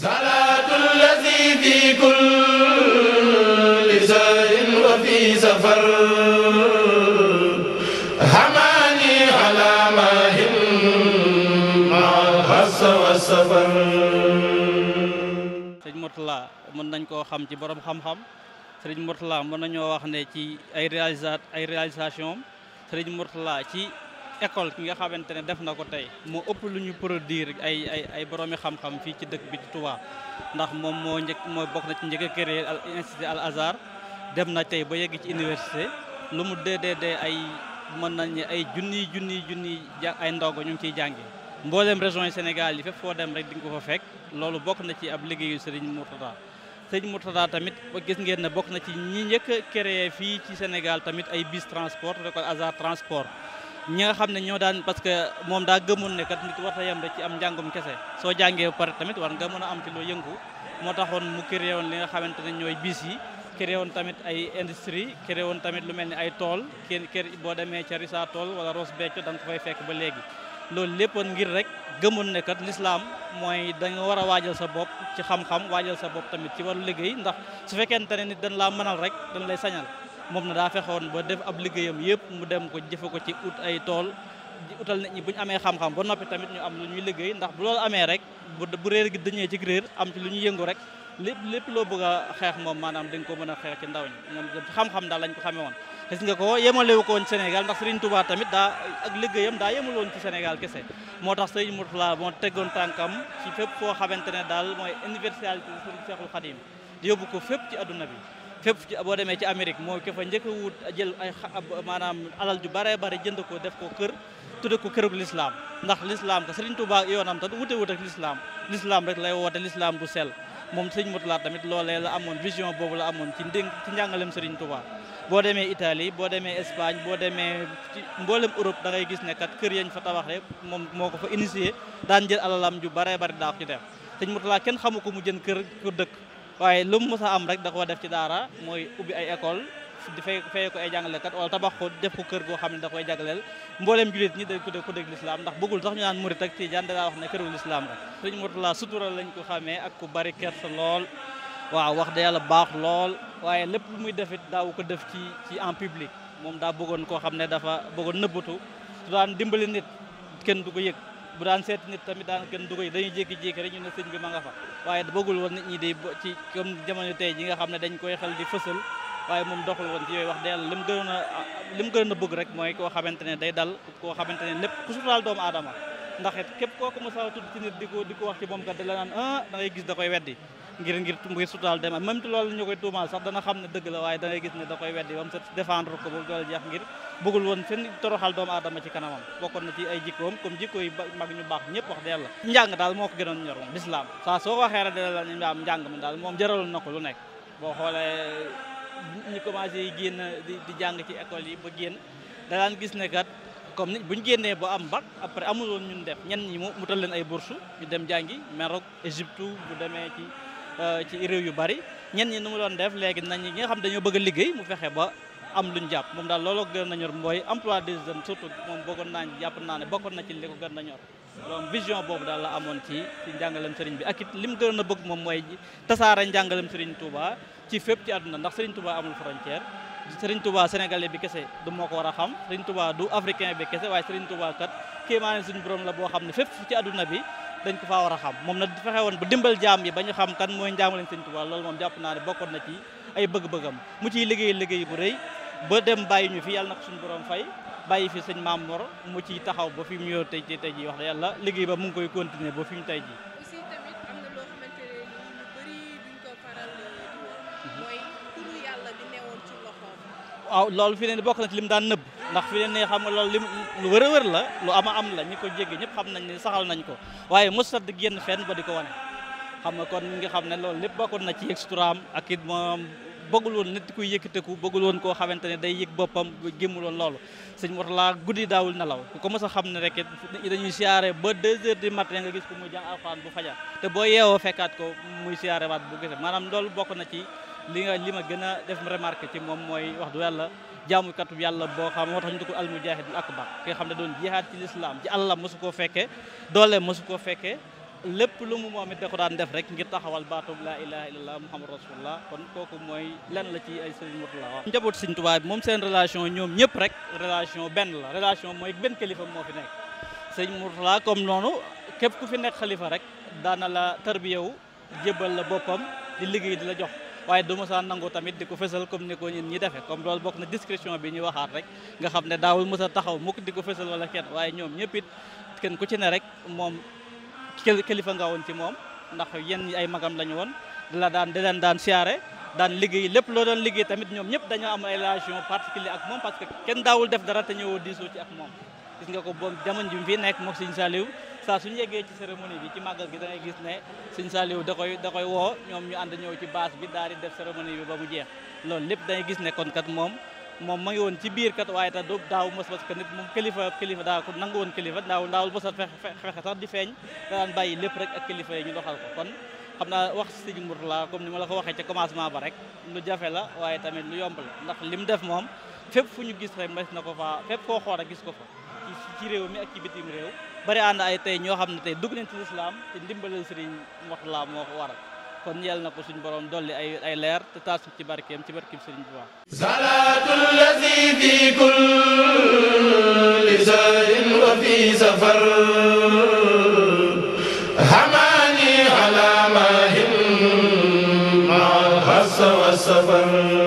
sëñ Mourtala mën nañ koo xam ci borom xam-xam sëriñ Mourtala mën nañoo wax ne ci ay réalisat ay réalisation am sëriñ Mourtala ci école ki nga xamante ne def na ko tey moo ëpp lu ñu produire ay ay ay boroomi xam-xam fii ci dëkk bi ci Touba ndax moom moo njëkk moo bokk na ci njëkk a créer institut Al Azhar dem na tey ba yegg ci université lu mu dee dee dee ay mën nañu ay junniy junniy junniy ay ndongo ñu ngi ciy jànge mboolem région yi Sénégal yi fépp foo dem rek di nga ko fa fekk loolu bokk na ci ab liggéeyu sëriñ Mourtada sëriñ Mourtada tamit gis ngeen ne bokk na ci ñi njëkk a créer fii ci Sénégal tamit ay bus transport rek Al Azhar transport ñi nga xam ne ñoo daan parce que moom daa gëmoon ne kat nit war ta yem rek ci am njàngum kese soo jàngee ba pare tamit war nga mën a am ci loo yëngu moo taxoon mu créé woon li nga xamante ne ñooy biis yi créé woon tamit ay industrie créé woon tamit lu mel ni ay tool kenn kër boo demee ca Rissa tool wala Ross Béthio da ko fay fekk ba léegi loolu léppoon ngir rek gëmoon ne kat l'islam mooy da nga war a waajal sa bopp ci xam-xam waajal sa bopp tamit ci wàllu liggéey ndax su fekkente ne nit dañ laa mënal rek dañ lay sañal moom na daa fexoon ba def ab liggéeyam yëpp mu dem ko jëfe ko ci ut ay tool utal nit ñi bu ñu amee xam-xam ba noppi tamit ñu am lu ñuy liggéey ndax bu loolu amee rek bu réer gi dañee ci réer am ci lu ñuy yëngu rek lépp loo bëgg a xeex moom maanaam dañ ko mën a xeex ci ndaw ñi ñoom xam-xam daal lañ ko xamee woon gis nga ko yemalewu ko woon Sénégal ndax Serigne Touba tamit daa ak liggéeyam daa yemaloon ci Sénégal kese moo tax Serigne Mourtala moo teggoon tànkam ci fépp foo xamante ne daal mooy universalité Serigne Cheikhul Khadim di ko fépp ci adduna bi fépp boo demee ci Amérique moo ko fa njëkk a wut jël ay maanaam alal ju bare bare jënd ko def ko kër tudde ko kërub lislaam ndax lislaam ka Sëriñ Tuubaa yoonam te wute wut ak lislaam lislaam rek lay woote lislaam du sell moom Sëriñ Murtala tamit loolee la amoon vision boobu la amoon ci ndénk ci njàngalem Sëriñ Tuubaa boo demee Italie boo demee Espagne boo demee ci mboolem Europe da ngay gis ne kat kër yañ fa tabaxee moom moo ko fa initié daan jël alalam ju bare bare daa ci def Sëriñ Murtala kenn xamu ko mu jën kër ku dëkk waaye lu mu mës a am rek da def ci daara mooy ubbi ay école di fay fay ko ay jàngalekat wala tabax ko def ko kër goo xam ne da koy jagleel mbooleem julit ñi day tudde ku dégg lislaam ndax bëggul sax ñu naan murit ak tijaan da daa wax ne këru lislaam rek sëñ Murtala sutura lañ ko xamee ak ku bari kersa lool waaw wax da yàlla baax lool waaye lépp lu muy defit daaw ko def ci ci en public moom daa bëggoon koo xam ne dafa bëggoon nëbbatu su daan dimbali nit kenn du ko yëg bu daan seet nit tamit daan kenn du koy dañuy jékki-jékki rek ñu ne sëñ bi ma nga fa waaye bëggul woon nit ñi di ci comme jamono tey ji nga xam ne dañ koy xel di fësal waaye moom doxul woon ci yooyu wax dëgg yàlla li mu gënoon a li bëgg rek mooy koo xamante ne day dal koo xamante ne lépp ku suturaal doomu aadama ndax it képp kooku mu saw ci nit di ko di ko wax ci moom kat da la naan ah da gis da koy weddi ngir ngir ngir sutaal dem même te loolu ñu koy tuumaal sax dana xam ne dëgg la waaye dangay gis ne da koy weddi ba mu sa défendre ko ba doole jeex ngir bëggul woon seen toroxal doomu aadama ci kanamam bokkoon na ci ay jikkoom comme jikko yi mag ñu baax ñëpp wax deel la njàng daal moo ko moom jaraloon na ko lu nekk boo xoolee ñu commencé yi génn di jàng ci école yi ba génn da gis ne kat comme nit bu ñu génnee ba am bac après amul woon ñun def ñenn ñi mu leen ay bourse ñu dem jàngi Maroc Égypte bu demee ci Euh, ci réew yu bari ñenn ñi nu mu doon def léegi nañ ñi nga xam dañoo bëgg a liggéey mu fexe ba am luñ jàpp moom daal looloo gën a mooy emploi des jeunes surtout moom bëggoon naa jàpp naa ne bokkoon na ci li ko gën a ñor donc vision boobu daal la amoon ci ci njàngalem bi ak it li mu gën a bëgg moom mooy tasaare njàngalem Serigne Touba ci fépp ci àdduna ndax Serigne Touba amul frontière Serigne Touba sénégalais bi kese du moo ko war a xam Serigne Touba du africain bi kese waaye Serigne Touba kat kéemaane suñu borom la boo xam ne fépp ci àdduna bi dañ ko faa war a xam moom na fexe woon ba dimbal jaam yi ba ñu xam kan mooy njaamaleñ sëñ Tuubaa loolu moom jàpp naa ne bokkoon na ci ay bëgg-bëggam mu ciy liggéey liggéey bu rëy ba dem bàyyi ñu fi yàlla na ko suñu borom fay bàyyi fi sëñ Maam Mor mu ciy taxaw ba fi mu ñëw tey tey ji wax da yàlla liggéey ba mu ngi koy continuer ba fi ñu tey ji waaw loolu fi ne bokk na ci lim daan nëb ndax fi ne xam nga loolu lim lu wër a la lu ama am la ñi ko jege ñëpp xam nañ ne saxal nañ ko waaye mos di génn fenn ba di ko wane xam nga kon nga xam ne loolu lépp bokkoon na ci yëg suturaam ak it moom bëggul woon nit kuy yëkkateeku bëggul woon koo xamante ne day yëg boppam gémmul woon loolu sëñ Mourtala guddi daawul nelaw ku ko mos xam ne rek dañuy siyaare ba 2 heures du matin nga gis ko muy jàng alxuraan bu fajar te boo yeewoo fekkaat ko muy siyaare waat bu gisee maanaam loolu bokk na ci li nga li ma gën a def remarque ci moom mooy wax du yàlla jaamukatu yàlla boo xam moo tax ñu tudd al mujahidul akbar ki nga xam ne doon jihaad ci lislaam ci àllam mosu koo fekkee dooleem mosu koo fekkee lépp lu mu moom it da ko daan def rek ngir taxawal baatub laa ilaha illallah muhammad rasulullah kon kooku mooy lan la ci ay sëriñ Murtala wax njaboot sëriñ Tuubaa moom seen relation ñoom ñëpp rek relation benn la relation mooy benn kilifa moo fi nekk sëriñ Murtala comme noonu képp ku fi nekk xalifa rek daana la tarbiyewu jébbal la boppam di liggéey di la jox waaye du mos a nangu tamit di ko fësal comme ni ko ñun ñi defee comme loolu bokk na discrétion bi ñuy waxaat rek nga xam ne daawul mos a taxaw mukk di ko fësal wala kenn waaye ñoom ñëpp it kenn ku ci ne rek moom kilifa nga woon ci moom ndax yenn ay magam lañu woon di la daan di leen daan siyaare daan liggéey lépp loo daan liggéey tamit ñoom ñëpp dañoo am ay relation particulier ak moom parce que kenn daawul def dara te ñëwoo diisoo ci ak moom gis nga ko boo jamono ji mu fi nekk moom Sëñ Saliou saa suñu yeggee ci cérémonie bi ci màggal gi da ngay gis ne Sëñ Saliou da koy da woo ñoom ñu ànd ñëw ci base bi daal di def cérémonie bi ba mu jeex lool lépp da gis ne kon kat moom moom ma ngi woon ci biir kat waaye ta doog daaw mos parce que nit moom kilifa kilifa daa ko woon kilifa a fexe sax di feeñ da daan bàyyi lépp rek ak kilifa yi ñu doxal ko kon xam naa wax Sëñ Mourtala comme ni ma la ko waxee ca commencement ba rek lu jafe la waaye tamit lu yomb la ndax li mu def moom fépp fu ñu gis rek mas na ko faa fépp foo xool gis ko fa ci réew mi ak ci bitim bari ànd ay tey ñoo xam ne tey dugg nañ ci lislaam te ndimbalal sëriñ Mourtalla moo ko waral kon yal na ko suñ borom dolli ay leer te taas ci barkeem ci barkeem sëriñ bu baax salaatul fi kulli sahrin wa fi safar